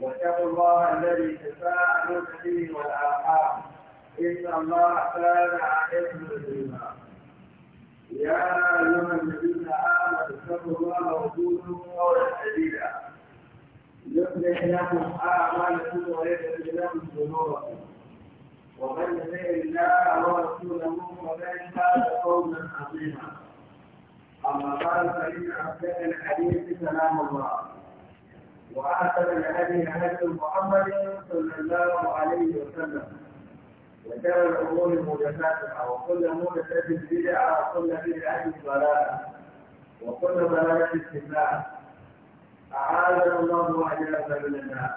واتقوا الله الذي تساءلون به والارحام ان الله كان عليكم رحيما يا ايها الذين امنوا اتقوا الله وقولوا قولا سديدا يصلح لكم اعمالكم ويغفر لكم ذنوبكم ومن يطع الله ورسوله فقد فاز قولا عظيما اما بعد فان اصدق الحديث كلام الله وأحسن الهدي هدي محمد صلى الله عليه وسلم وكان الأمور محدثاتها وكل محدثة بدعة وكل بدعة ضلالة وكل ضلالة في النار أعاذنا الله وأجرنا من النار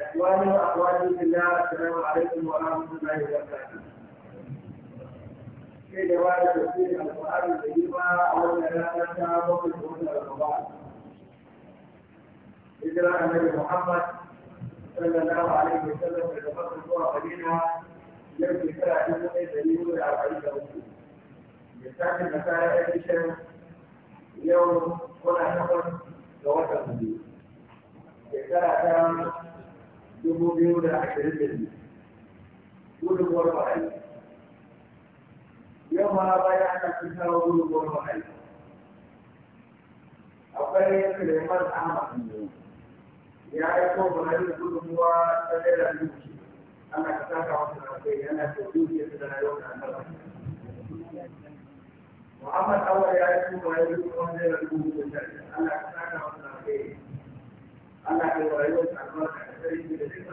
إخواني وأخواتي في الله السلام عليكم ورحمة الله وبركاته في جواب تفسير القرآن الكريم أولنا لا ننسى وقت الهدى والمبارك إجراء النبي محمد صلى الله عليه وسلم في تفصل الصورة قديمة يمكن فيها حدود دليل الأربعين دولة يستعمل مسائل أديشن يوم هنا نقل لغة القديم يستعمل كام دبو بيودا الجديد. دليل ودبو أربعين يوم أنا بايعنا في سنة ودبو أربعين أقول يقال عام أحمد ya aiko mu na yin gudunmuwa ta naira duki ana ka saka wasu rafai yana da duki da rayuwa da annaba Muhammad Awar ya aiko mu na yin gudunmuwa naira duki da ana ka saka wasu rafai ana ka yi rayuwa da albarka da sarki da dukkan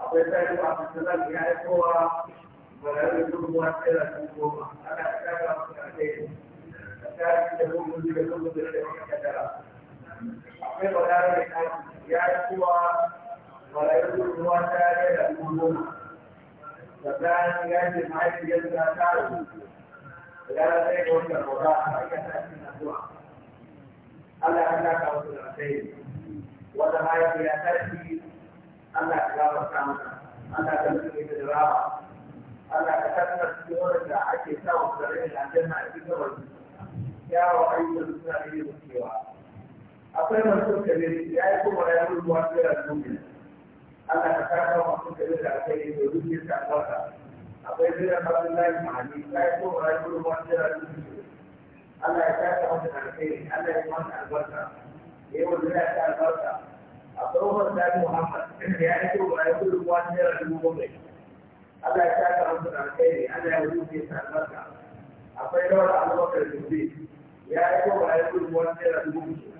abubuwa akwai sai ba su sanar ya aiko wa marayu gudunmuwa ta naira duki goma ana ka saka wasu rafai da sarki da dukkan abubuwa da dukkan abubuwa akwai wadanda ya ya cewa walayyar ruwa ta yi da kuma da bayan ya ce mahaifiyar ta taro da ya sai ga wata kora a aikata shi na zuwa Allah ya ta kawo su da sai wata mahaifiya ta ci Allah ya gawa ta mata Allah ya mutu da rawa Allah ya kasance cikin wanda ake samun da rai na janna a cikin wani yawon ayyukan suna iya wucewa akwai masu kare ya yi kuma ya yi ruwa tsira duniya Allah ka kafa masu kare da aka yi da rufe ta kwata akwai tsira masu layi ya yi kuma ya yi ruwa Allah ya masu Allah ya albarka ya yi wa zira ta albarka akwai wani tsari Muhammad ya yi kuma ya yi ruwa tsira duniya Allah ya kafa masu yi Allah ya rufe ta albarka akwai rawar ya yi kuma ya yi ruwa tsira duniya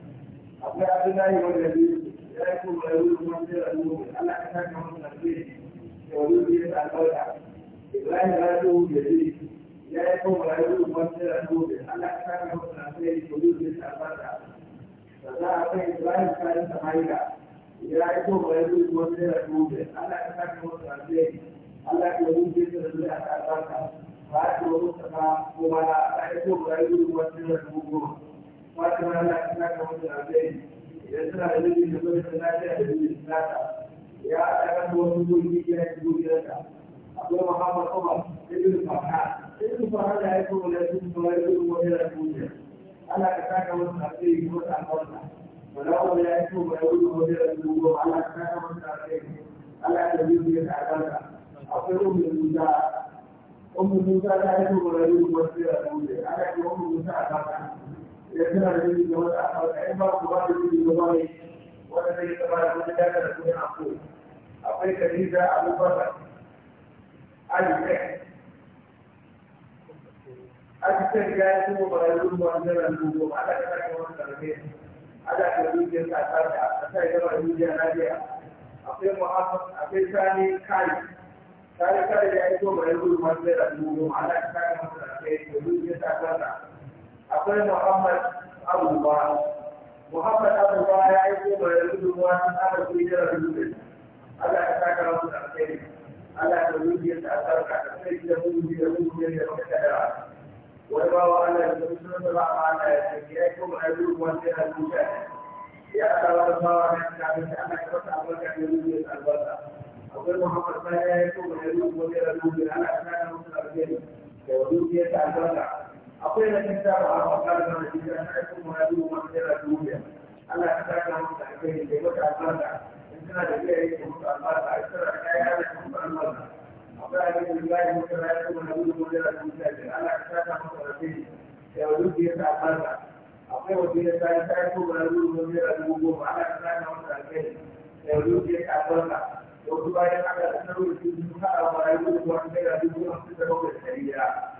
akwai abdullahi wanda biyu ya yi kuma ya wuce kuma sai da nuna Allah ka saka masa alheri da wani biyu da albarka Ibrahim ya zo ya biyu ya yi kuma ya wuce kuma sai da nuna Allah ka saka masa alheri da wani biyu da albarka da za a kai Ibrahim kayan samaida ya yi kuma ya wuce kuma sai da nuna Allah ka yi masa alheri Allah ka wuce da wani biyu da albarka ba a ce wa Mustafa kuma ya yi kuma ya wuce kuma sai da nuna wata rana suna ga wani alheri idan suna da mijin da zai da lafiya da mijin nata ya aka rasa wasu gobe ya yi gobe ka akwai muhammad umar ibn da ya yi kuma da ibn fahad ibn wahira duniya ana ka saka wasu alheri kuma ta albarka malawar ya yi kuma da ibn wahira duniya ana ka saka wasu alheri ana ka yi ta albarka akwai umar musa umar musa ta yi kuma da ibn wahira duniya ana ka umar musa albarka da suna da yi da wata amurka in kuma ku ba da yi da wani wanda zai da wani daga da kudin ako ya yi kuma ta ta rijiyar kasar da a kasar yawa rijiyar akwai muhammad akwai sani kai sani kai ya yi kuma barayin ruwan jira dubu ala ta kai wani karfe da rijiyar kasar da akwai Muhammad Abubuwa. Muhammad Abubuwa ya yi ko mai gudunmuwa sun haɗa su yi jira dubbe. Allah ya saka rasu da alheri. Allah ya rubu ya ta sarka da sai da rubu da rubu ya ta kada. Wani bawa Allah ya rubu sun da ba ma ya ce ya yi ko mai gudunmuwa sun haɗa su Ya Allah wani bawa ya ta kafin da Allah ya fasa albarka da rubu ya ta albarka. Akwai Muhammad Sani ya yi ko mai gudunmuwa sun haɗa su da Allah ya saka rasu da alheri. Da rubu ya ta albarka. akwai na cikin da ba a kare mana shi da na cikin mu na wani da duniya Allah ya saka mu da kai da wata albarka in kana da iyaye da mutu albarka a tsara kai na mutu albarka akwai abin da ya yi mutu ya kuma na duk wani da duniya Allah ya saka mu da kai da duk da ya albarka akwai wani da ya ta ko na duk wani da duniya Allah ya saka mu da kai da duk da ya albarka wasu bayan aka sanar da su suka a bayan duk wani da duniya su da kawai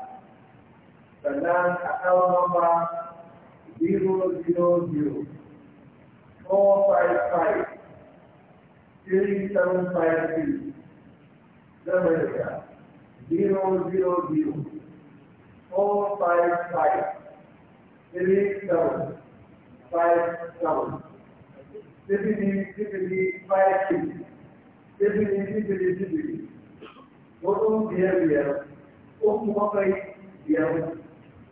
Sannan account number 000 455 3753 America 000 455 3757 Sibili, Sibili, 5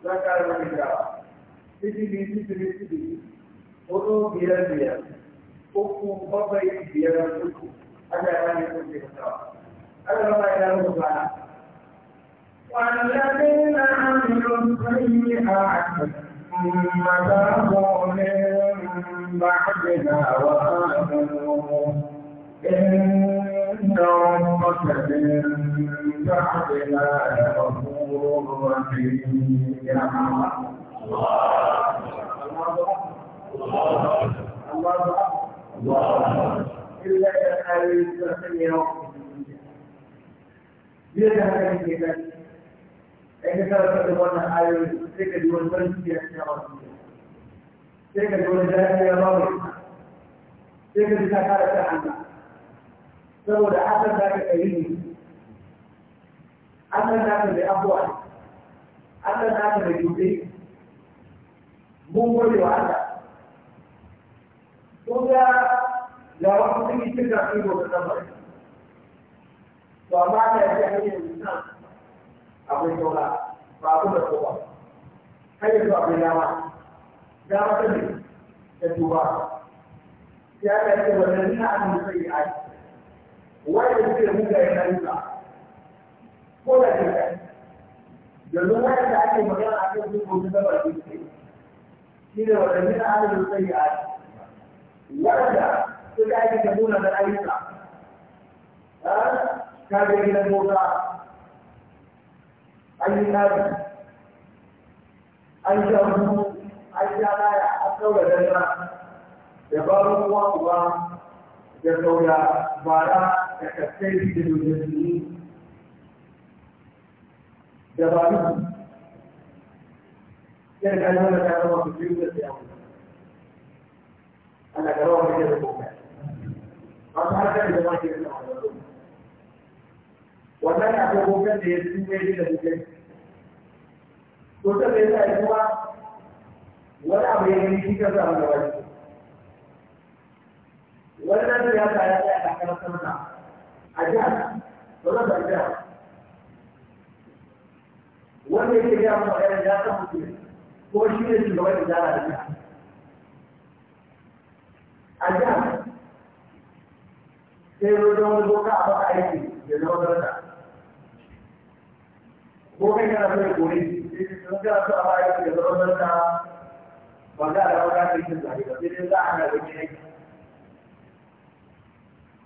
zakar berbicara. Sisi sisi sisi sisi. Oto biar biar. Oku bapa ini biar oku. Ada orang yang berbicara. Ada orang yang berbicara. والذين عملوا السيئات ثم تابوا من بعدها وآمنوا إن إن ربك من بعدها لغفور رحيم إلا أهل التقية إلا أهل التقية إن كانت تقول أهل التقية والبنسية تلك الولدات يا رب تلك الزكاة عنها saboda asan za ka ɗari ne asan za ka da abuwa asan za ka da dutse mun gode wa Allah ga da wasu sun yi cika su gobe kamar to amma ya ce yin nisan abin saura ba ku da kowa hanyar yanzu bai dama dama ta ne da tuba ya ce wannan na an yi sai ai wanda suke da mugayen ayyuka ko da ke kai yanzu wanda ake magana a kan duk wani da baki suke shi ne wanda mina adadin sai ya wanda suka ake ta nuna da ayyuka ka ga gidan mota an yi tsari an sha hutu an sha laya an ɗaura dana da babu uwa uba da sauya bara daga sai da dodanni da ba ni sai da ana da rawa ku ji da ya mu ana da rawa da ke ba ta da da ma ke da wannan ya ko kan da ya ci ne da duke ko ta da ya wani abu ya yi shi ka zama da wani wannan ya ta ya ta ya ta kana sanar a jihar ba jihar wanda yake gaya mu ya ta mutum ko shi ne shi idara da jihar a jihar sai zo don wani boka a baka aiki da zama zarta ko kai kana so ya kore sun kana so a baka aiki da zama zarta ba za a da wata aiki da zahira sai za a na da aiki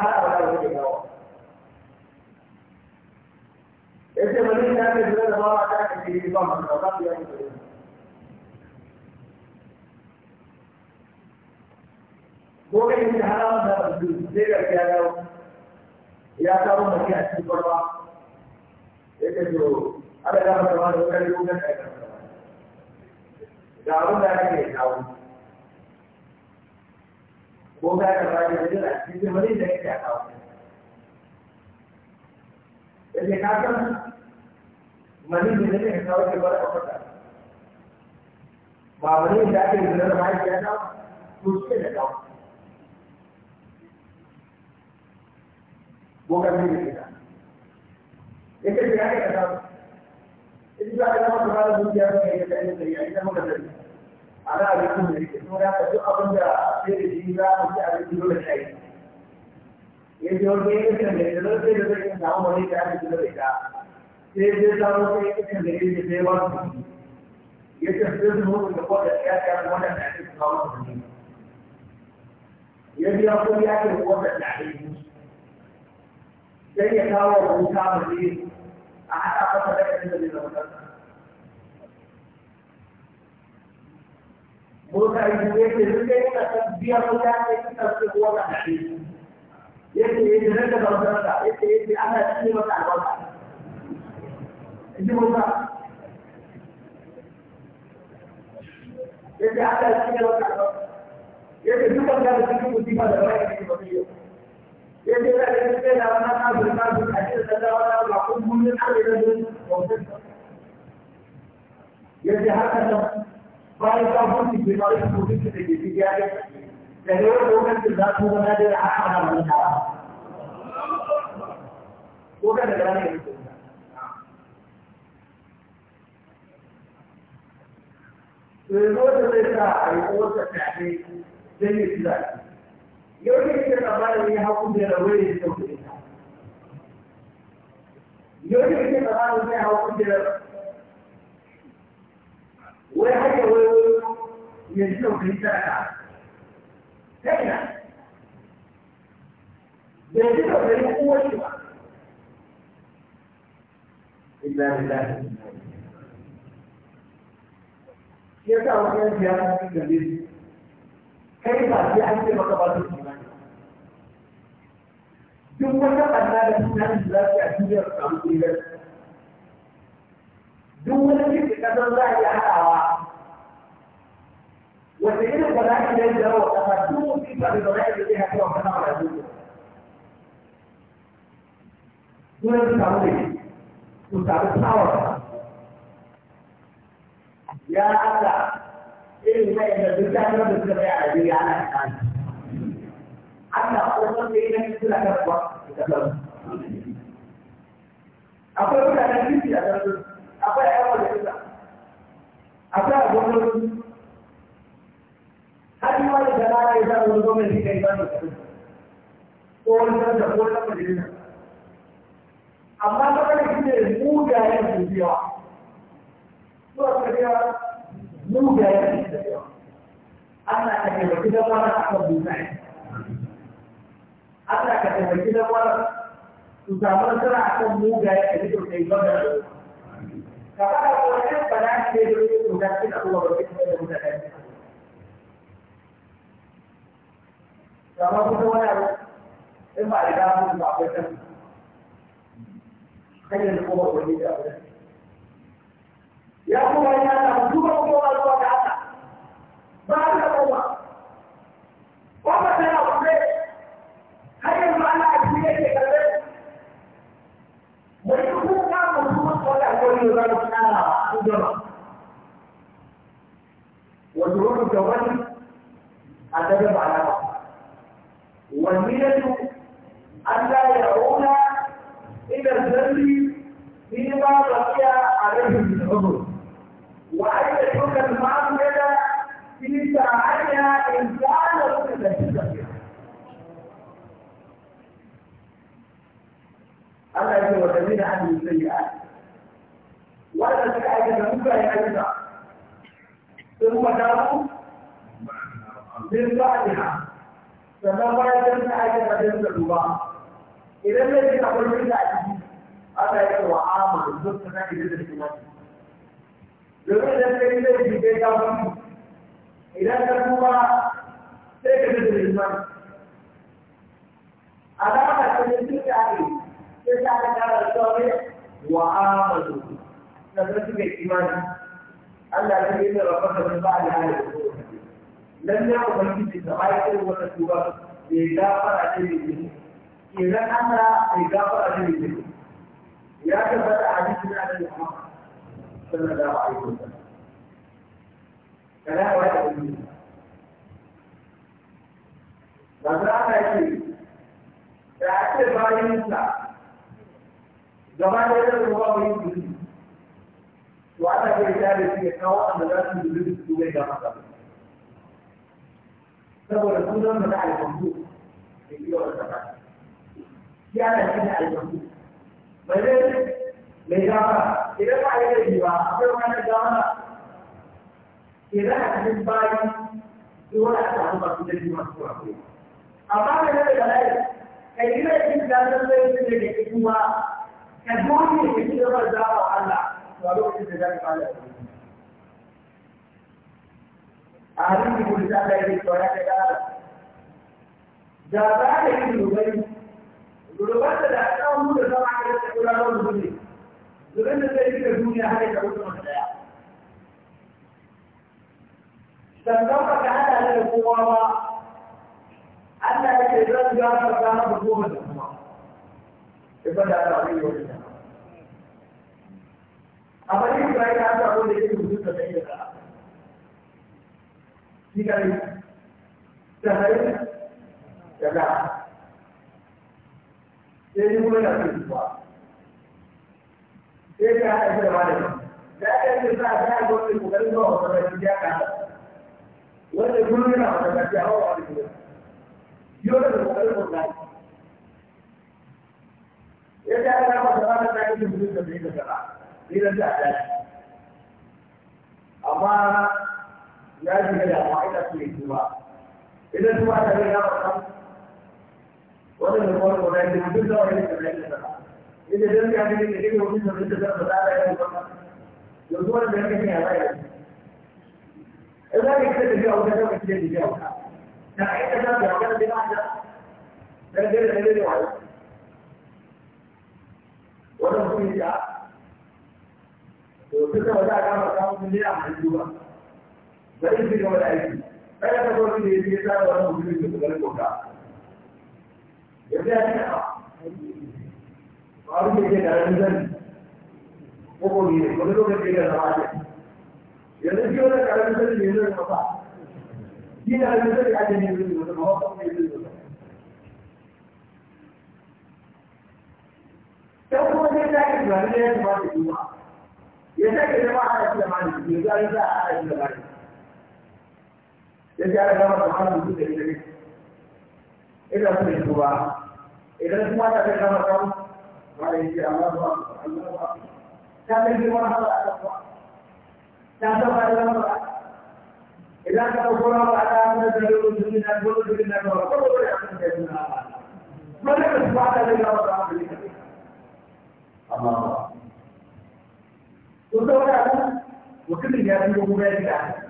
har a wani wani gawa ya ce wani da aka jira da bawa ta aka jiri ba masu ba su yawon da gobe yin da harawa da rasu zai ga ya dawo ya kawo mafi a cikin barba ya ce to ana gama da wani wani wani wani da abin da ke kawo وہ کیا کر رہا ہے اس کے بعد اس کے بعد اس کے بعد اس کے بعد اس کے کے بعد اس کے بعد اس کے بعد اس کے بعد اس کے اس کے بعد اس کے کے بعد اس کے کے بعد اس کے بعد اس کے بعد اس کے بعد اس ana abin da yake so ya faɗi abin da sai da shi za a ci abin da dole ya ce wani ya da ya zai da zai samu wani da ya ji da ita sai zai samu sai ya da ya ji sai ba su ya ce sai su mutu da kwata ya ce wani da ya ce su kawo ne ya ji ya ya ce kwata da ya ce sai ya kawo wuta mutu a haɗa kwata da ya ce da ya mutane da yake duka yana kan biya mutane suka fi wata ake yake yi da bautarsa yake yi da ana cikin mata albarka ji musa yake ana cikin mata albarka yake duka da cikin musiba da bayan ya ke mutu yau yake da yake da na kafin kafin a cikin sallawa na ba kun gudunar da yake da yake haka nan bayan ta hutu ke kawai su da ke fi ya ga da wata wani lokacin za su zama da ya haka na manta ko ka da gane ya Yanzu wata zai sa a yi kowace fyaɗe don ya ci zaɓe. Yau ne ke tsammanin ya haku da rabu ya sauke ta. Yau ne ke tsammanin zai haku da wai haka wai yanzu da kai sarka kai na yanzu da kai uwar ba illa billahi ya sa wani yanzu ya san cikin gari kai ba sai an ce maka ba su kimani duk wata ɓanna da sunan da za su yi a duniyar samun duk wani cikin ƙasar za a iya haɗawa wataƙila ba za ka yi jawo a ƙasa dubu sifa da zama yadda zai haka wata na wajen dubu. Dunan su samu ne, su samu ba. Ya haka irin kai da duk da kuma duk da bai a jiri ana da kan. Allah ko ba zai yi na cikin akar ba da kasar. Akwai mutanen cikin akar, akwai ayyawa da cikin akar. Akwai abubuwan yi wani jama'a ya zama wani gwamnati kai ba da ko wani sanda ko wani majalisa amma matsalar shi ne mugayen su zuwa kariya mugayen su biyawa Allah ka taimaki da wani akan buzaye Allah ka taimaki da wani su samu nasara akan mugayen da suke kai ba da su ka fara wani bala'i ne da yake da Allah ba zai da mutane kamar kuma wani abu in ba da damu ba akwai kan hanyar da kuma wani da abu ya kuma ya samu duba kowa zuwa ga haka ba da kowa wanda tana kuɗe har yanzu ana a cikin yake karɓe wani kuka mu kuma kawai a kawai da zama tsara a gaba wato wani da wani a daga ba na والميلة أن لا يرون إلى الذنب فيما بقي عليه من عمر وأن يترك المعصية في ساعتها إن كان من الذي يجب ya ce wa da zina an yi sayyi'a wanda suka sannan bayan can ta aika ta da duba idan zai ji akwai mutum a ciki ana yi wa ama duk ta kan da shi wani domin idan ka yi zai ji kai ka idan ka duba sai ka ji da shi wani alama ta ne su ta ake sai ta aka kara da sauri wa ama duk ta su kai imani Allah ya yi da rafa da ba da hali lalle ubangiji da bayan wata da bai gafara ce mai jini da Allah bai gafara ce mai jini ya tabbata a hadisin annabi ba, sallallahu alaihi wasallam kana wa da ubangiji ba za ka ce da ake bayan sa gaba da yadda ruwa mai jini to ana kai tare shi ya kawo annabi da su da su bai gafara saboda sun zama da alhamdu da biyo da zama yana shi da alhamdu bai zai mai gama idan ba yi da yiwa akwai wani gama idan a cikin bayan yiwuwa a samu masu da yiwa su akwai amma da yadda da lai kai gina yi da zan zai yi da ke kuma ka dole ka ci gaba da zaɓa Allah to a lokacin da za ka fara da عالم کی گلتا ہے کہ سویا کے دار جاتا ہے کہ لوگوں غربت رہتا ہوں تو سب آگے سے پورا لوگ بھولی ظلم سے کہ دنیا ہے کہ وہ سمجھ گیا سنگم کا کہا تھا کہ قوا اللہ کے رب جان کا کہا حکومت عبادت علی ہو جائے اب یہ بھائی آپ کو لیکن حضور کا نہیں کہا shi kai ta hari da da sai yi kuma da su sai ta haɗa da malami da aka yi sa ta yi wani kokarin zuwa wata ƙarfi ya ka wanda kuma yana wata ƙarfi a da kuma yau da kokarin kokarin ya ta haɗa masa ba da ta yi da mutum da bai da gaba sai ta haɗa ya ji da amma ita ce kuma idan kuma ta ne ya fara wannan da kuma kuma da duk da wani da yake da idan dan ya ne da yake wani da da da da ya kuma yanzu wannan da yake ne ya bayar idan ka ce da wata da wata da ya wata da ita da ya wata da ya da da da da ya wannan kuma ya to duka ba za a gama samun miliyan a hannu ba bari su gaba da aiki kada ka zo ne ya sa da wannan mutumin da kuma koka ya ga ta ba ru ke da ran zan ko ko ne ko da ke da rawa ne yanzu da wannan zan ne zan masa ki da ran zan ka ne zan ba ko ne zan masa dan kuma sai ta yi zan ne ya ba ki ya sake zama a cikin malami ya zai ya a cikin malami ya ji ana gama kamar da ita ne ina su ne ba idan kuma ta kai gama kan ba ya ce Allah ba ta kai girman hala a kan ba ta san ba ba idan ka ɗauko na ba da zai yi na gudu na gaba ko ba ya san nuna ba ne ka su ba ta zai gama ba ba. wani abu, mutumin ya fi gugu ya da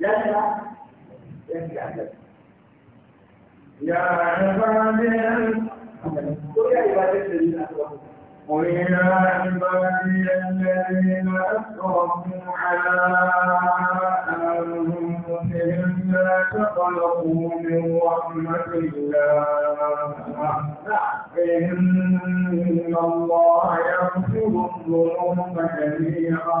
يا عبادي قل يا عبادي الذين أسرفوا قل يا عبادي الذين أسرفوا على أنفسهم لا تقلقوا من رحمة الله إن الله يغفر الذنوب جميعا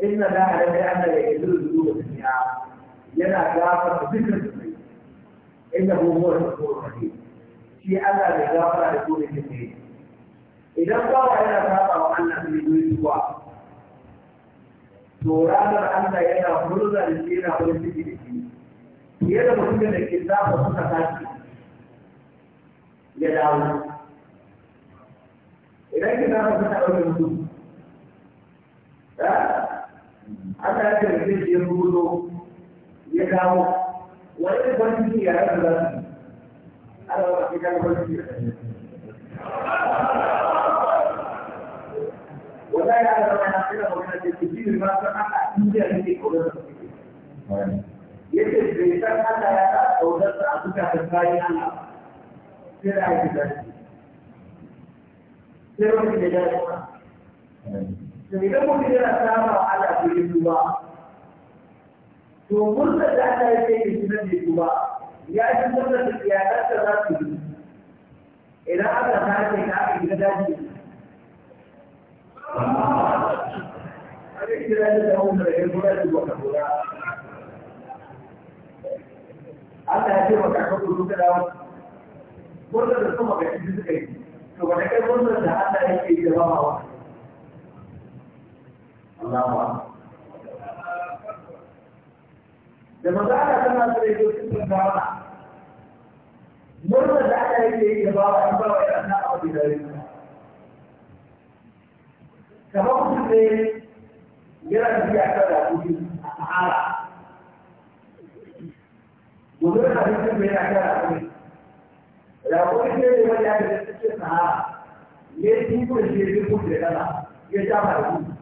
inna da ala da ana da yanzu da zuwa duniya yana gafar da dukkan zunubi inda hukumar da kuma kafi shi Allah da gafara da kuma idan bawa yana saba wa Allah ne zai zuwa to ranar Allah yana murza da shi yana farin ciki da shi fiye da da ke zafa suka tashi ya dawo idan ki zafa suka ɗauke mutum Allah ya karfe shi ya rubuto ya kawo wani da kwanci ya rasa za su Allah ba su kan kwanci ya wata ya zama na kira magana ce ku ji ma san Allah inda ne ke da suke yake bai san Allah ya sa da sa a duka da bayan Allah sai da ake da shi sai wani da ya kuma. to idan mutum yana samun wa Allah to duba to murna da Allah ya kai shi nan ne duba ya ji murna da iyalansa za su yi idan aka ce ta aka gida daji aka kira da dawon da ya gura da baka gura Allah ya ce maka ka gudu da dawon murna da kuma ga shi suka yi to ba kai murna da Allah yake yi da bawa Allahu da magana tana da rage cikin gawa murna da aka yake yi da bawa in bawa ya na abu da rage kamar mutum ne yana da biya ta da kuɗi a sahara gobe da abincin da yana kara kuɗi rakon ne ne wani ya da cikin sahara ya yi shi ya yi da kana ya sha da kuɗi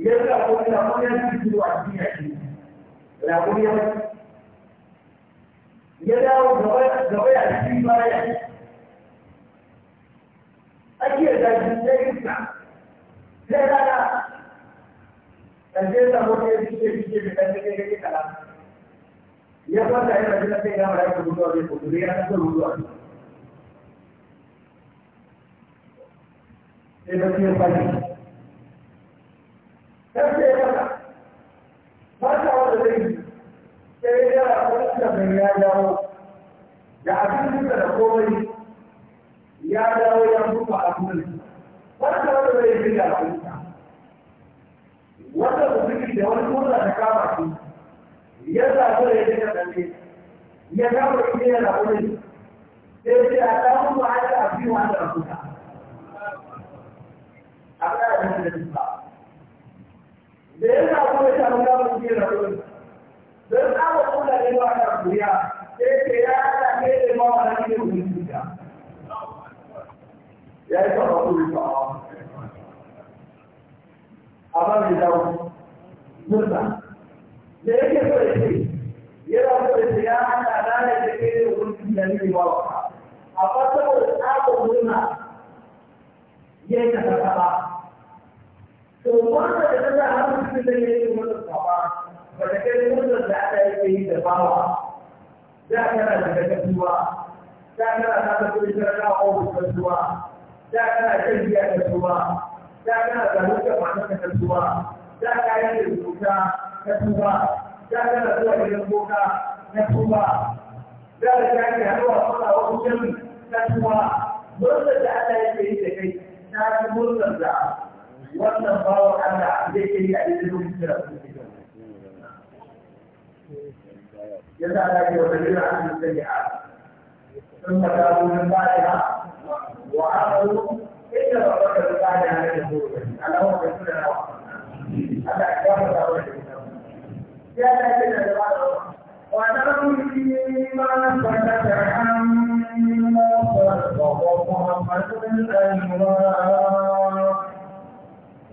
يبدأ أقول لهم يجب الوعدين عشرين لا أقول يوم يدعو زوايا زوايا عشرين بايا أكيد لازم لا يسمع لا لا لا الجيل ده هو يجي يجي يجي يجي يجي كلام يبقى ده الرجل ده كلام رأي كبوتو رأي كبوتو رأي أنا كبوتو رأي إيه بس يبقى sai ya kasa mata wanda zai yi sai ya yara kwanci ya dawo da abin duka da komai ya dawo ya rufa abin wanda zai yi da abin wanda mutum da wani murna da kama ya ya kama shi ya a a da da yana kuma ya samu damar jiya na kudin don tsaba kula ne ba ta kuriya sai ce ya ne da ma wa nan ne kudin ya yi kama kudin ba amma mai dawo murna da yake so ya yana so ya ce ya haɗa ne da ke da kudin ne ba wa amma saboda tsaba murna ya yi ta ba. to wanda da ta zara mutum da ya yi masa kafa ba da kai wanda da aka yi yi da bawa da na daga kasuwa, da kana na ta kuri sarrafa a ofis gaggatuwa da kana kan biya gaggatuwa da kana da hukar masu kasuwa, da ka yi da rubuta gaggatuwa da na zuwa gidan boka gaggatuwa da da ta yi haɗuwa kuma wasu jami gaggatuwa wanda da aka yi yi da kai ta fi murnar da wannan bawa Allah zai yi a cikin lokacin da kuma cikin ya sa Allah yi wata jira a cikin sai ya sun fata wurin bayan wa amaru inda ba ba ka zuba da hannun da zuwa Allah wa kai suna rawa Allah ya ba ka wani ya ta ce da da ba وَتَرَوْنَ مَا فَتَحَ عَنَّا فَرْضَ وَمَحْمَدٌ الْأَنْوَارِ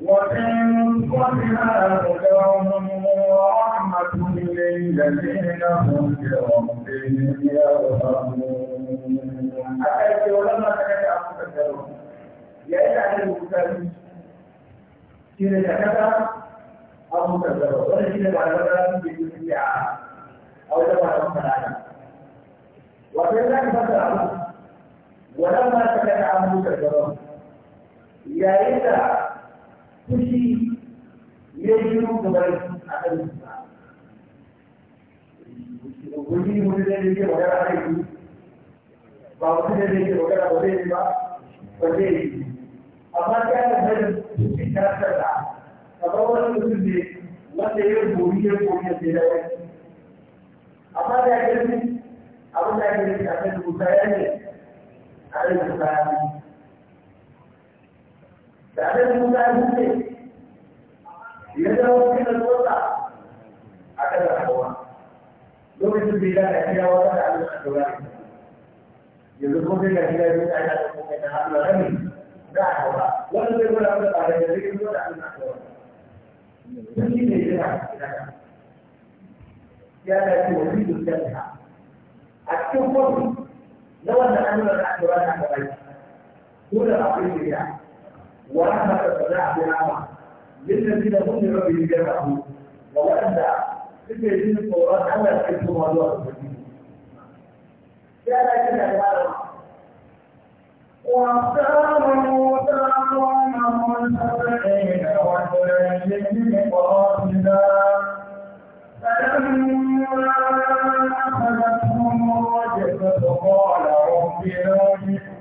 وإن قلنا هداهم ورحمة للذين هم بربهم يرهبون. أكلت ولما كانت أخذت يا إلهي المسلمين. كنا كذا أبو كذا ولا كنا بعد كذا أو تبع مثلا وكذلك فترة ولما سكت عن مكذبة يا إذا fushi ya yi shiru gabar a kan wani wani da yake magana a yi ba wani da yake magana ba zai ba ba zai yi amma ta yi hajjar fushi ta tsada kamar wani mutum ne wanda ya gobi ya gobi ya zai da amma da ya gani abin da ya gani a kan rubuta ya ne a kan rubuta ya ne da annabi Musa ya huce ya dawo a kan lokacin ya wata da Allah yanzu sai ta da kuma da Allah rami da wannan zai gura da da zai da Allah sun yi ne yana ya da ke wani dukkan a cikin na da da ko da akwai وأنا تتبع بها للذين هم ربهم جمعه وأن في دين القرآن على كتب موضوع الدين يا لكن هذا واختار موسى قومه السبعين رجلا لميقاتنا فلما أخذتهم الرجفة قال رب ارجعون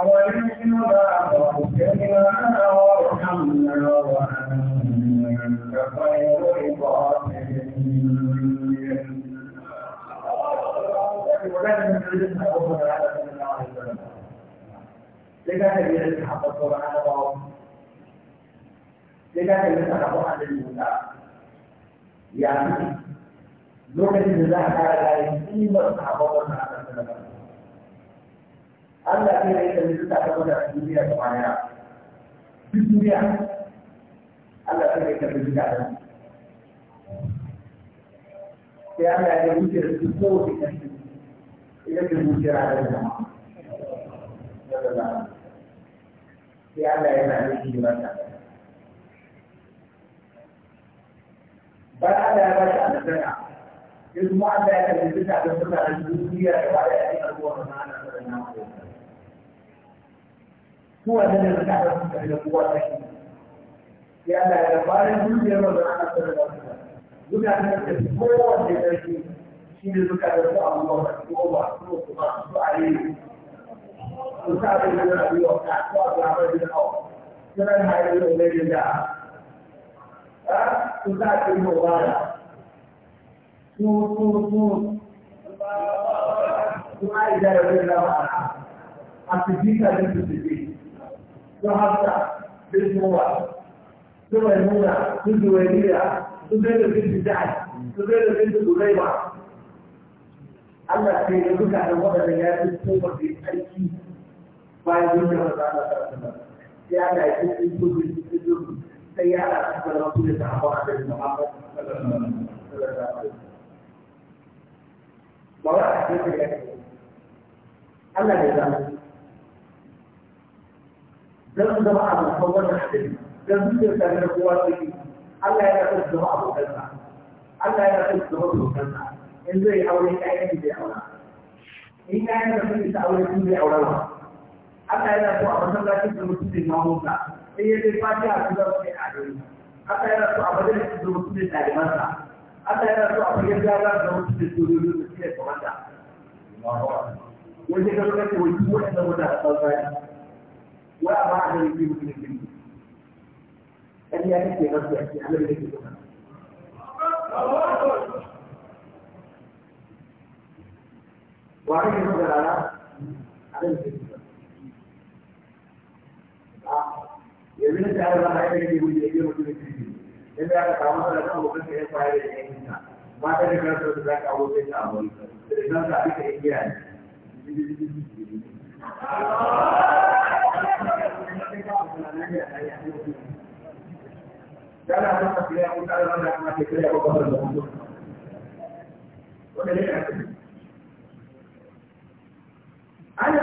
وإنا فاغفرنا وارحمنا وأنت خير الغافرين. لذلك يجب حق القرآن وعظم لذلك يجب حق القرآن للمتابعة يعني لوكتي جزاها على العالمين والصحابة والصحابة Allah ne ya yi da mutunta ta gwada a duniya da baya. Duk duniya, Allah ne ya yi da mutunta ta Sai Allah ya wuce da su kowace ƙarfi, ina da wuce ranar da Sai Allah ya na yi mata. Ba Allah ya ba shi annabtaka, yanzu mu Allah ya kalli duka da mutanen duniya da baya ya yi alkuwa na ana sanar na kuwa da da da da da kuwa da shi ya da da bayan duk da yawa da ana tsara da shi duk da da da kowa da da shi shi ne duka a ruwa da kowa su a yi su sa da da da yau ka ko a ga ba da hawo kana da hayo da da da da ha su sa da da ba da su su su su ma idan da da ba a su jika da su ji don hafsa bin mowa su mai nuna su juwairiya su zai da bin zai da bin zurai ba Allah sai da duka da waɗanda ya fi koma da aiki bayan yin da wata ana sarrafa ya da ya sai ya da su da wasu da sahabon a da cikin ne zama dan su zama abokan wannan hadari dan su zai da kowa su Allah ya rasu zama abokan sa Allah ya rasu zama abokan sa in zai aure ƴaƴan da ya aura in ƴaƴan da suke ta aure sun zai aura ba Allah ya rasu a masallacin da mutum zai mamu sa sai ya zai fati a su zama sai Allah ya rasu a majalisar da mutum zai ɗaliban sa Allah ya rasu a fagen gaza da mutum zai tsoro da suke kamar da. Wajen gaza da wajen wajen da mutane وما أعلم يجيب من الجنة اللي أنت غزي أنت على اللي يجيب وعليه نظر على على الجنة يبين تعالى ما أن اللي يقول يجيب من الجنة إذا أنا تعمل لك أبو بكر هي فاعل الجنة ما تذكرت ذلك أبو بكر أبو بكر إذا ذلك إيجاد أنا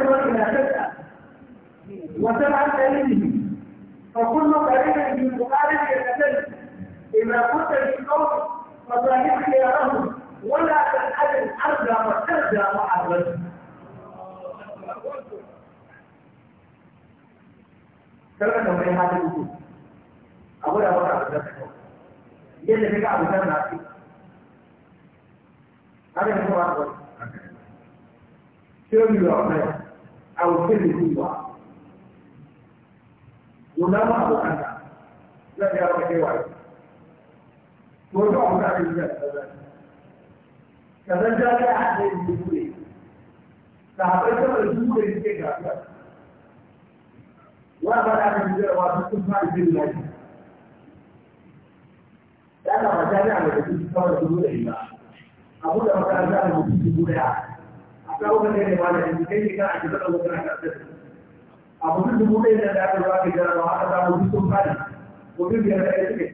الرجل لا تسأل وتبع كلمه فكل كلمة من مخالف يتكلم إذا قلت للقوم فصاحب خيارهم ولا تسأل الأرض وترجع مع الرجل sai ka tambayi halin uku a guda wata abu da kawo yadda kaga abu da na fi haka ne kuma abu show me your prayer i will tell you who you are nuna ma abu kanka zan ga wata kai waye ko to abu da ake yi ka zan ja ka da yi ne sahabai kamar su ne suke gafiya wani ba da kan wasu sun fara jin lafi ya na ba jami'a da su kawai dubu da ima abu da makaranta da mutum dubu a kawo ka ne ma da yanzu kai ne kan ake zaɗa wakana karfe a mutum dubu daya da aka zuwa ka jira aka samu duk sun fara mutum biyar da ya suke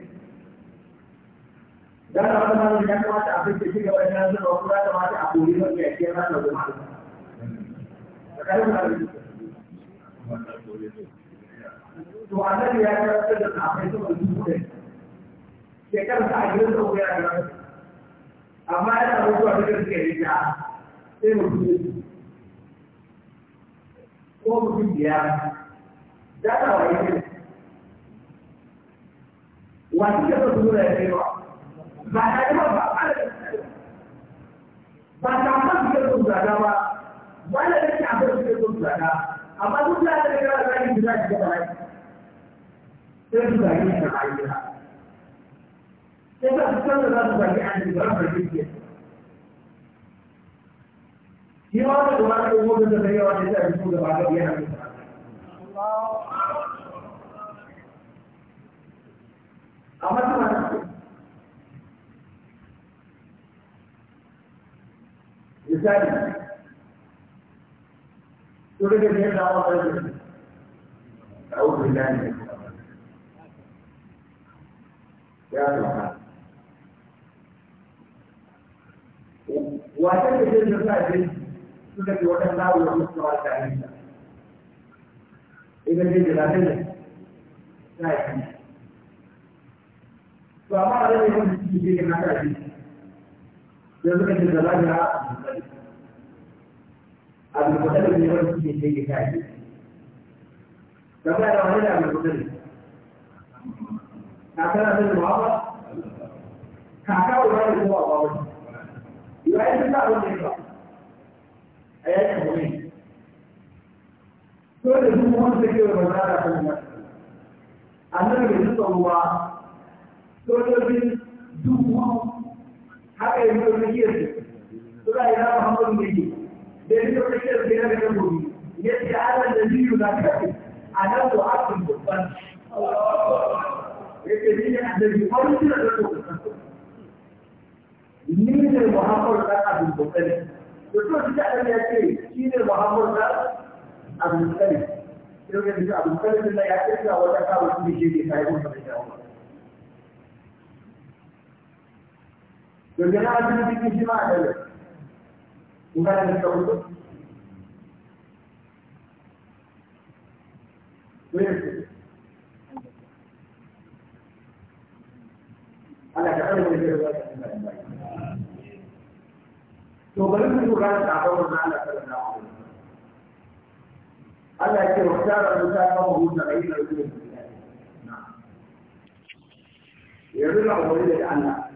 dan apa namanya yang kemarin apa sih kita banyak yang orang tua kemarin aku lihat kayak kira-kira macam mana. Sekarang ada. to annabi ya karanta da sahabbai sama da dubu ɗari shekarar ta ajiyar da uku ya karanta amma yana mutuwa duka suka ta sai mutum ya ko mutum biyar da ta waye ne wani da ba tura ya kai ba ba ta yi ba ba ba ta ma su ke sun ba, ba ba da yake abin su ke sun zaga amma duk da kai ba za ki ji za ki ba sai su zage shi a ayyuka sai za su canza za su zage an jibar da jirgin shi ma wata kuma ta yi mutu da ta yawa ne sai a jikin gaba da yana mutu a matsalar misali to daga biyar da awon ƙarfi a wurin lalata ya wasan da zai zai su da ke wata lawo da suka wata nisa ina zai jira ta ne ta yi to amma a zai wanda suke ke na ta yi sai suka ce da a dukkan da ne wanda su ke ta yi da ba da wani da kakar annabi muhammad kaka uba ne kuma uba wani ibrahim ta abin da ya ba a yakin wani dole su kuma su ke da manzo da kan nan bai zuwa ruwa sojojin dubu haka yi mai tsakiyar su suna yi zama hankali da ke da yi mai tsakiyar su yana da gobe ya ce ala da biyu na kai a nan da asin babban يتبين الذي يفرق الرسول مين المحمد ده أبو البخاري الرسول ده اللي يأتي مين المحمد ده أبو البخاري يقول أبو البخاري اللي يأتي لا ولا كاو كل شيء يفعله من الله وجماعة في الاجتماع هذا وكان التوحيد ويرسل Allah ka kare mu daga to bari mu lura da sabon manzo Allah sallallahu alaihi wasallam Allah ya ce wa tara Musa kawo da ayi na rubutu ya rura wani da Allah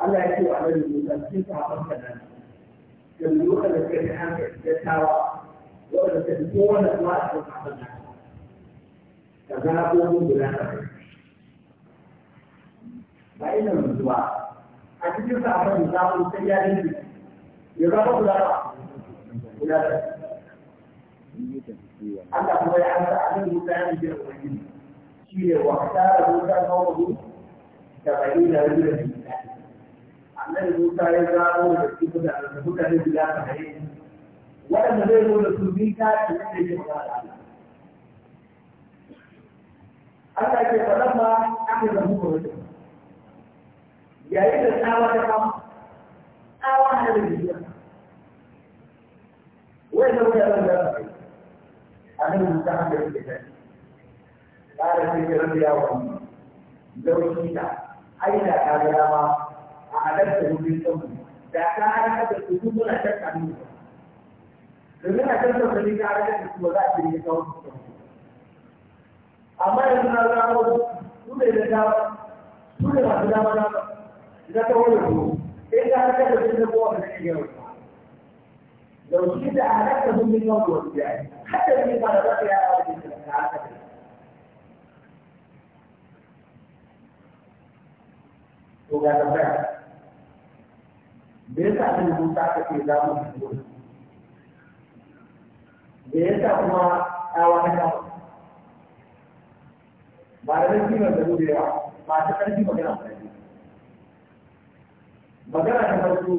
Allah ya ce wa Annabi Musa cikin sahabban ka nan da lokacin da kake hankali da tawa wanda kake kowa da kuma a cikin sahabban ka ka ga ko mun gudanar A ina mutuwa a cikin sa abin da zamu sai ya dinki ya zama kula ba kula da Allah kuma ya amsa abin da ya dinki da ubangiji shi ne wa kasara mutan kawo da bai da rubuta annabi Musa ya gano da cikin da suka ne bila ta hayi waɗanda zai zo da su bi ta da yake magana da Allah Allah ke faɗa ma aka zama kuma yayin da tsawa ta kama tsawa na da jiya wai da wani yaran da aka yi a nan mutu an da yake kai ƙara sai kiran da yawon lauki ta aina ta ga dama a adabta rubin kanmu da ta hana da su duk muna shakka ne domin a kan sassani ta hana da su ba za a shirya kawo su amma yanzu na zama su ne da dama su ne masu dama dama ذكرونه إذا في النبوة من حجاب لو جئت أهلكتهم من يوم يعني حتى من طلبتها أو من وقال فعلا ليس من المنطقة في دام الدول ليس هما أوانك بعد ذلك ما تقول يا ما تقول يا magana ta farko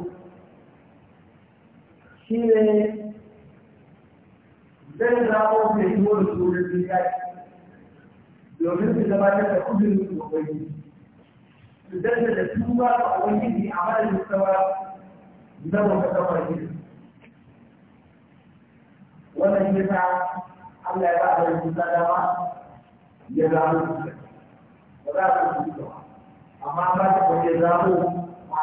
shi ne zai zaɓo mai yi wani tsoron duniya domin su gabatar da kudin su wani su danta da tuba a wani gidi a malin sama na wata samar gidi wannan yasa Allah ya ba da rubuta dama ya zaɓo ba za a rubuta amma ba ta kwaye zaɓo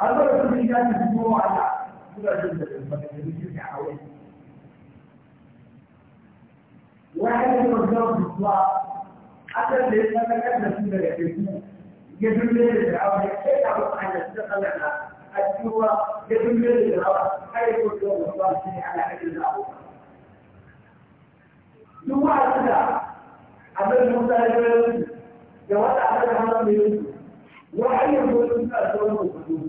أقول لكم إذا تسمعوا على كل جملة المتكلمين حوالي واحد يتوزعوا في الصلاة حتى اللي يتكلم في المتكلمين يجب لي للعوام يحتاج على الثقل على الجوة يجب لي للعوام حيث يكون الله على حجر الأول ثم على كده عمل المتكلمين جواد عمل هذا من وحي يقول لك أدوان وحدود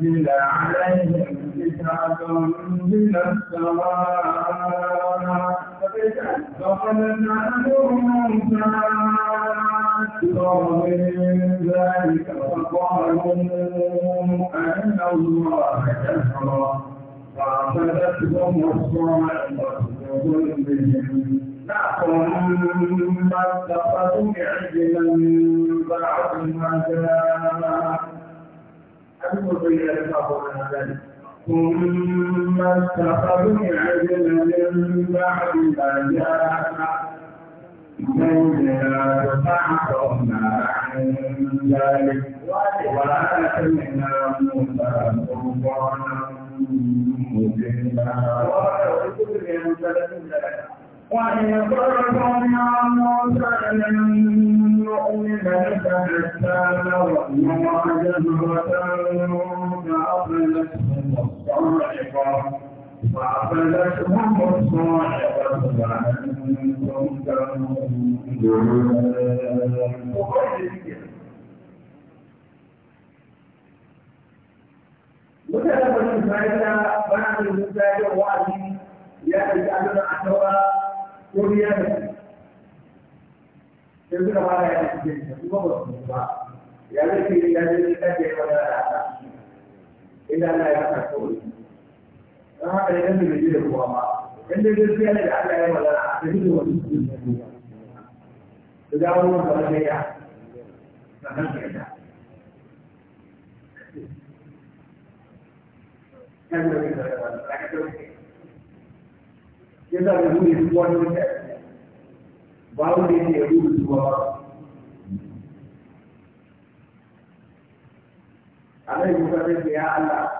ينزل عليهم كتاب من السماء فقد نعلم من ذلك فقالوا أن الله كفر فأخذتهم الصاعقة بظلمهم ثم اتخذوا عجلا بعد ما جاء أن نضيع لهم ذلك ثم اتخذوا العجل من بعد ما جاءنا إلينا فاعترفنا عن ذلك وآتينا موسى سلطانا مبينا وإن قلتم يا موسى لن نؤمن لك حتى نرى جهرة فأخذتهم الصاعقة فأخذتهم الصاعقة وأنتم تنظرون mutanen bani Isra'ila ba na da Musa ya wa'azi ya ɗauki abin a taura ko biya da shi sai da fara yana cikin da kuma ba su ba ya zai ce ya zai ta ke wani rata idan na ya ka kawai don haka ne yi da ji da kowa ma in dai gaskiya ne da Allah ya magana a cikin da wani su ne da dawo da wani ya sannan ka yadda kan da wani da wani ya sa da gure su wani wani ba wanda yake ya ba a nan yi kusa da ya Allah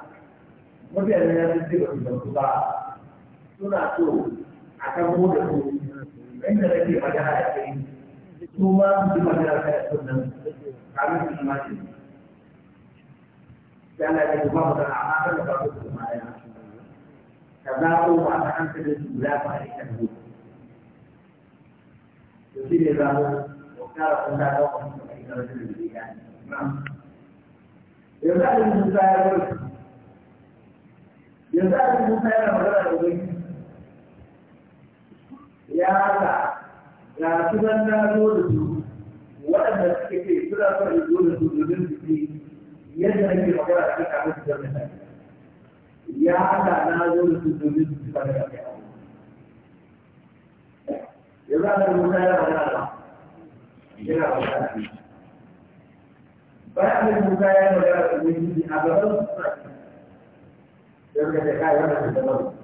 mutane ya sun ce su zantu ba suna so a kan mota su inda nake magana da kai su ma su ji magana da sunan kamin su ma ce. Ya Allah ya ba mu da a hakan da ba su تباعوا بعد أن تجد لا فائدة له يصير له وكان قلنا له إلى رجل الإيمان نعم. يزال موسى يقول يزال موسى يقول يا الله يا سبحان الله waɗanda suke ce suna son yanzu da su domin su yadda nake magana a cikin abin da zai ya haɗa na zo da su domin su fara da kai yanzu a kan musa yana da ala yana da ala bayan da musa ya yi magana da ubangiji a gaban su suna da suka ce kai wannan da gaban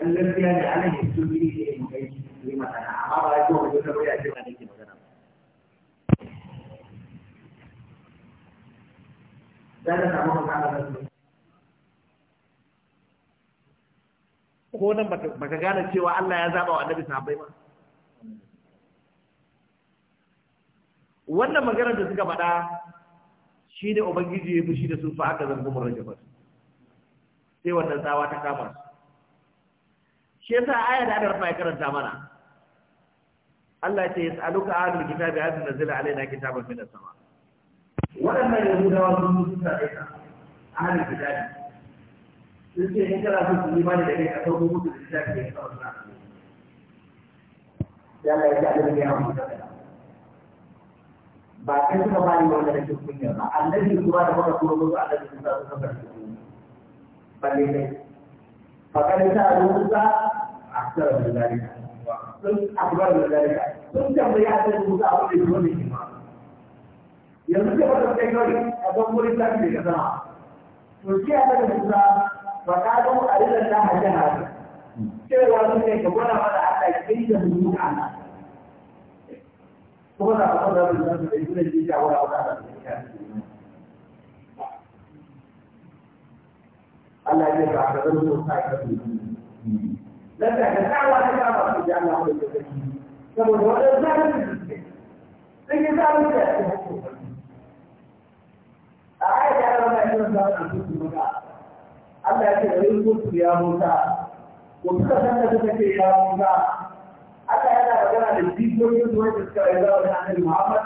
an gaskiya ne ana yin su biyu ke yin kai su yi magana amma ba ya ce wani wata bai a ce ba ne ke magana ba. Zaka samu magana da su ko nan ba ka gane cewa Allah ya zaba wa annabi sahabbai ba wannan maganar da suka faɗa shi ne ubangiji ya fushi da su fa aka zango mun rage basu sai wannan tsawa ta kama su shi yasa aya da Allah ya karanta mana Allah ya ce yas'aluka ahlul kitabi an tunzila alaina kitaban min as-sama wadannan yahudawa sun musu sai ahlul kitabi sun ce in kana son su da kai a sauko da littafi ya saba suna ya Allah ya ji abin da ya hau da ba kai suka bani wanda da cikin kunya ba annabi kuma da muka turo musu annabi sun sa barci bar cikin balle ne fakar ta rubuta a tsara da zalika akbar da zalika sun tambayi a tsara musu a wani ruwan da ke ma yanzu ka fata kai kawai a ban wurin lafiya ka sama to shi a فقالوا أرنا الله جهارا cewa su ne ka gwada mana Allah kin da mu a nan kuma na faɗa da wannan da yake da shi shawara a wannan Allah ya ba ka da su ka su dan da ka tawa da ka ba su da Allah ko da shi saboda wannan zaka ji sai ka zama da shi a ai da wannan da wannan da su maka Allah ya ce yin ku ya mota, ko suka san da suka ce ya mota, Allah yana magana da jijiyoyin su wanda suka rayu da annabi Muhammad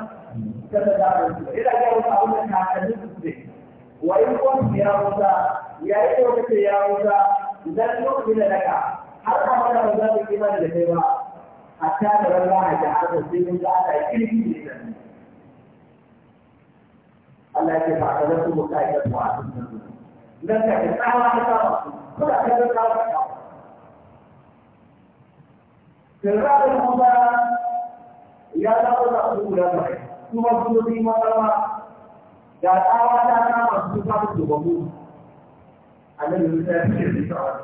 sallallahu su, wasallam da ga wasu abin da ka kanin su ne wa yin kun ya mota, ya yi da kace ya Musa idan ku da daga har abada ba za ku imani da kai ba hatta da wallahi da haka sai mun ga yi ya kirki ne Allah ya ce fa kada ku mu da ku a cikin لك الدعوة حتى ولا كذا الدعوة حتى في الرابع المباراة يا رب تقبل لك ثم تقول لي مرة يا دعوة حتى مصدوقة تقبل أنا من سافر الدعوة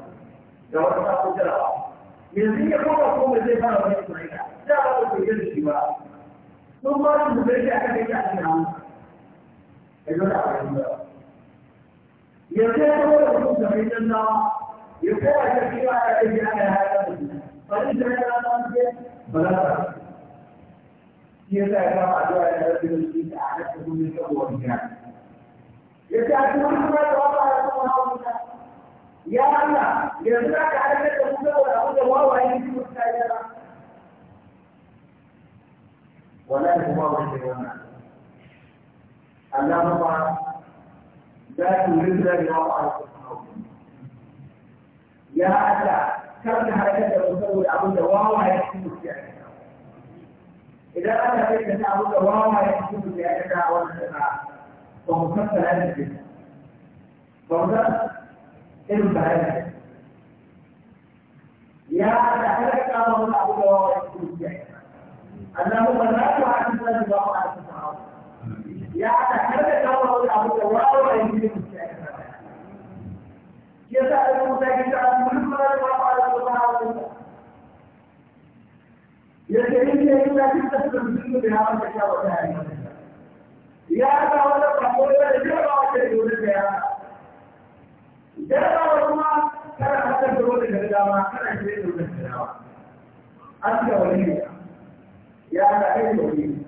دعوة تقبل لك يزيد قوة قوة زي ما أنا بقول لك دعوة تقبل لك ثم تقول لي أكيد أكيد أكيد أكيد أكيد يا الرسول يا الله يا الشفيع يا على يا فليس يا الامر يا ترى يا يقع يا الرجل يا اعدته يا اول يا يتعلمون يا توقع يا هؤلاء يا الله يا على يا مستوى يا واو يا مستعجله يا هو يا اللهم لا توجد ذلك على يا أتى كم حركة تسوي أبو دواوة يحكم في إذا أتى بيت أبو دواوة يحكم في أداء والسماء فهو كفر هذا البيت فهذا إلم بهذا يا أتى حركة أبو دواوة يحكم في أداء أنه من لا يعرف ذلك ya haɗa kar da kawo wani abu da wawa ya yi ya sa da kuma ta gida a cikin mara da wawa da kuma hawa ya ce yin ke yi ta cikin tasirin mutum da ya hawa da shawo ta yi ya haɗa wani kwakwa da jarabawa ta yi wani da ya jarabawa kuma kana haɗar da wani da dama kana shirya da wani da dama an ga wani ya haɗa kai da wani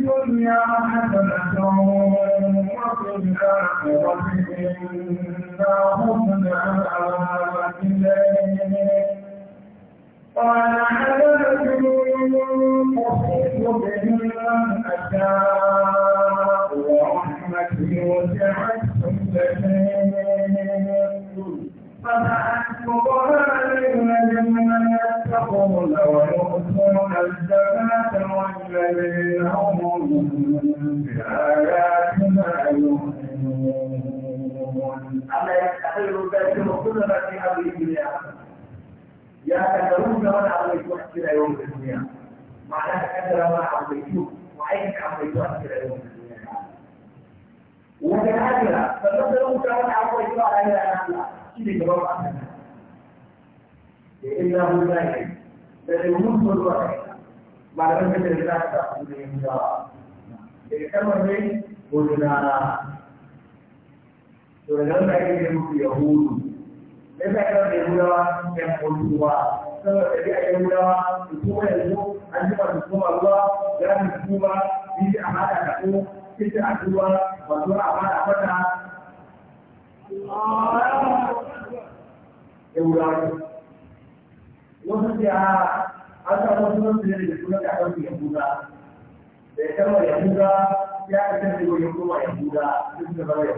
الدنيا حسنة وفي الآخرة إنا هدنا إليك قال حسنة تصيب به من أشاء ورحمتي وسعت كل شيء فبعثتها للذين يتقون ويؤتون الزكاة والذين هم بآياتنا يؤمنون أما يستحيل ذلك وكلما في أمر الدنيا يتكلمون وأنا أمريكو حتى يوم الدنيا معناها كذا وأنا أمريكو وعين أمريكو حتى يوم الدنيا وفي الآخرة فالنصر متعود على الله إلى أن الله shi ne gaban Allah da illa hu zai da ya da mun so yi ba da yi da za ka samu da yi da da kalmar ne na da to da nan da yake muku yahudu sai yi kira da yi yan kulluwa saboda da ake yahudawa su kuma yanzu an ji masu kuma ruwa ya su kuma bi a hada da ku sai a duba wato a fara fata Yahudawa. Wasu ce a an samu sunan su ne da da aka Da ya ya da ya koma Yahuda duk da ya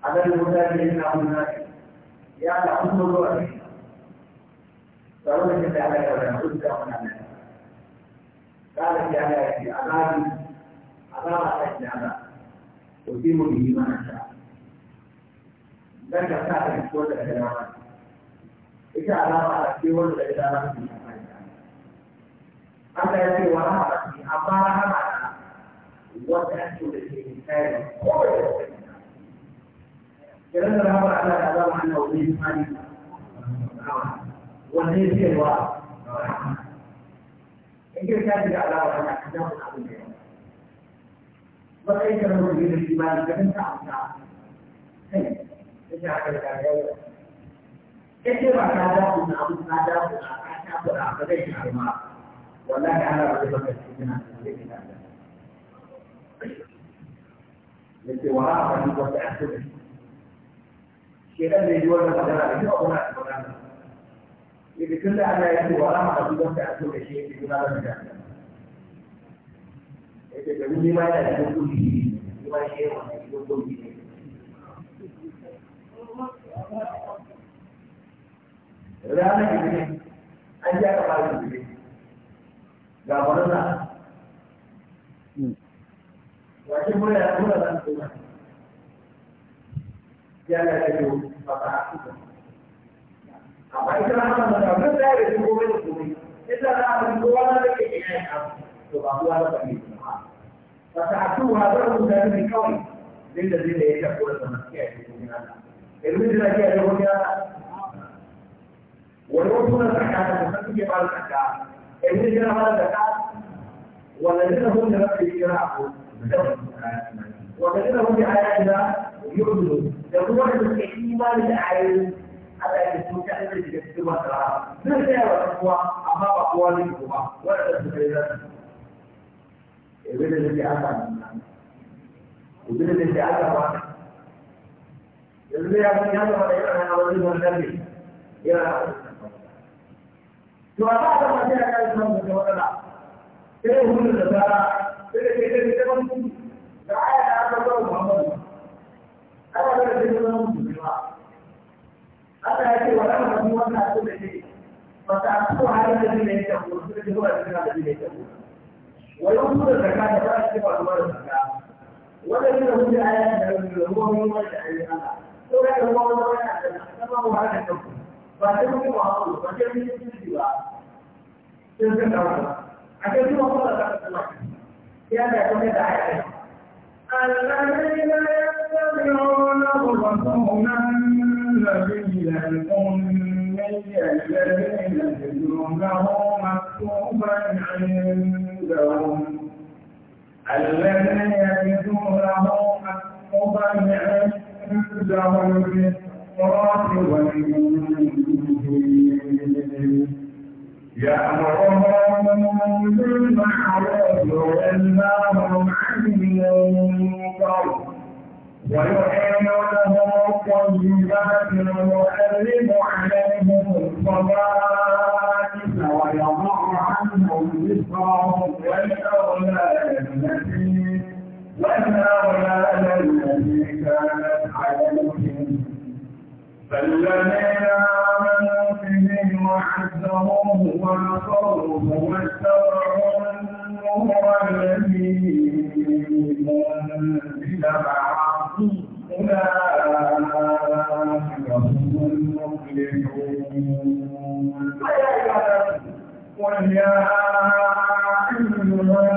ta da wani nan. ya o tí mo yìí máa ta lẹ́yìn ọ̀sán àti tí wọ́n lè fẹ́ máa ta iṣẹ́ aláwọ̀ àti tí wọ́n lè fẹ́ máa ta lábẹ́ ẹgbẹ́ wa náà ti abára náà ta wọ́n tẹ́ tó lè fi ìfẹ́ rẹ̀ kó o yẹ kó o yẹ. Ìrẹ́sọ̀rọ̀ àwọn àti àgbà máa ń lọ orí ìfáàlì wọ́n ní ìfẹ́ wa. Ẹgbẹ́ ìfẹ́ àti àgbà wa ni àti ìjọba náà ń bẹ̀rẹ̀. وكيف نقول في الاجتماع فمن تعب تعب كيف عذاب من عبد عذاب من عذاب من عذاب من عذاب والله على ربك السجن التي وراءها من وتأكد شيئا اللي يقول لك هذا لا يقول لك هذا إذا كنت أنا يقول وراءها من وتأكد شيء يقول هذا yake da ni ma yana ni ma an ji aka fara ibini ga murna wace murna murna zan tuna ya ga ta yi fata amma ita na hana da da ya ga shi da komai ita na hana kowa na da ke yi to ba kowa na فتعتوها بعض ذلك الكون للذين يتقون المثل جاء يقول ويؤتون الزكاة ويؤتون بعد الزكاة المثل بعد الزكاة والذين هم لنفس الشراء والذين هم بآياتنا يؤمنون يقولون الايمان هذا على يعني ان تكون كلمه الاستمرار. لا يا اخوه اما اقوالكما ولا تسبيلاتكم. vede delle altre vede delle altre parti delle altre parti erano la loro andati era la stessa cosa tu andata a dire che non si può andare se uno lo sa vede che se si può dai la altra cosa non allora vede che non si può allora che guardava la mia casa vede ma sta a suonare la direzione, non si può ne la direzione ويوم الزكاة لا يجب أن يمر الزكاة ولكن يقول آيات هو من ولد أي أنا سورة الله ولا يعلم أحسبه هذا الحكم فاتمني وأقول فاتمني في السواء تلك الدولة عشان كده وصل لك الله يا ده كل ده عايز الذين يتبعون الرسول النبي الأمي الذي يجدونه مكتوبا عندهم الذي يجدونه مكتوبا عندهم في التوراة والإنجيل يأمرهم بالمعروف وينهاهم عن المنكر ويحيل لهم الطيبات ويحرم عليهم الصلاه والأرض والأولاد التي والأولاد التي كانت عليهم فالذين آمنوا به وحزروه ونصروه واتبعوا النور الذي أنزل أولئك هم المفلحون قل يا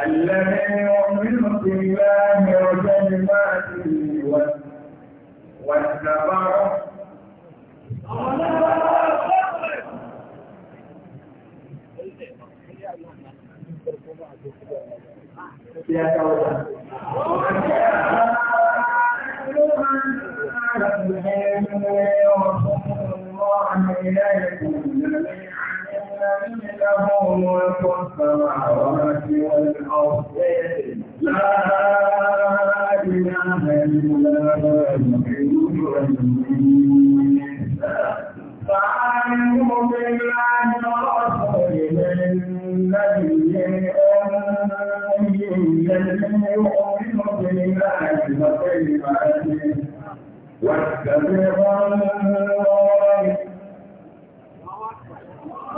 الذي يؤمن بالله وكلماته والتبرع يا كوثر رسول الله إليكم الذي له ملك السماوات والأرض لا إله إلا هو الحي القيوم فآمنوا بالله ورسوله النبي الأمي الذي يؤمن بالله وكلماته واتبعوا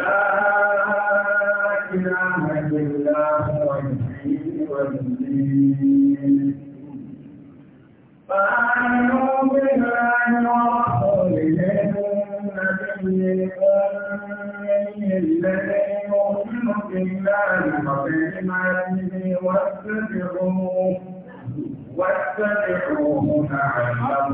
لا إله إلا هو الحي والميت فآمنوا بالله ورسوله النبي الأمي الذي يؤمن بالله وكلماته واتبعوه واتبعوه لعلكم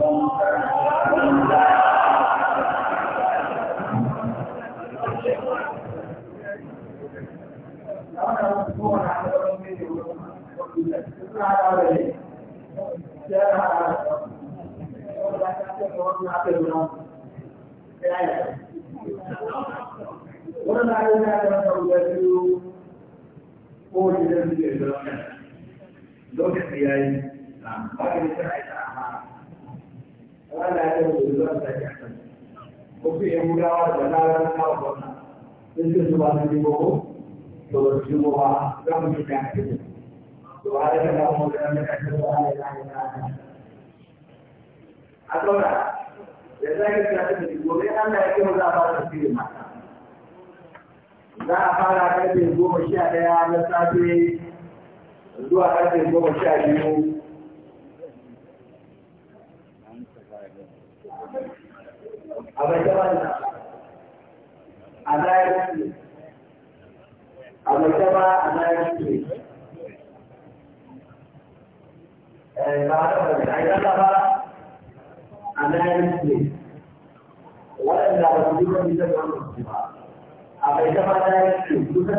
yahudawa da larabawa wannan sun su ba su yi boko to ba su za mu ci kan ake to ba da kan mu da nan da kan ba da kan da a tsora da zai ka ta da gobe Allah ya kiyaye za ba ta fili mata za a fara karfe goma sha ɗaya na safe zuwa karfe goma sha biyu أبا جبل أنا يكفي أبا جبل أنا يكفي بعد أن أنا يكفي ولا إلا رسولك من أبا جبل أنا يكفي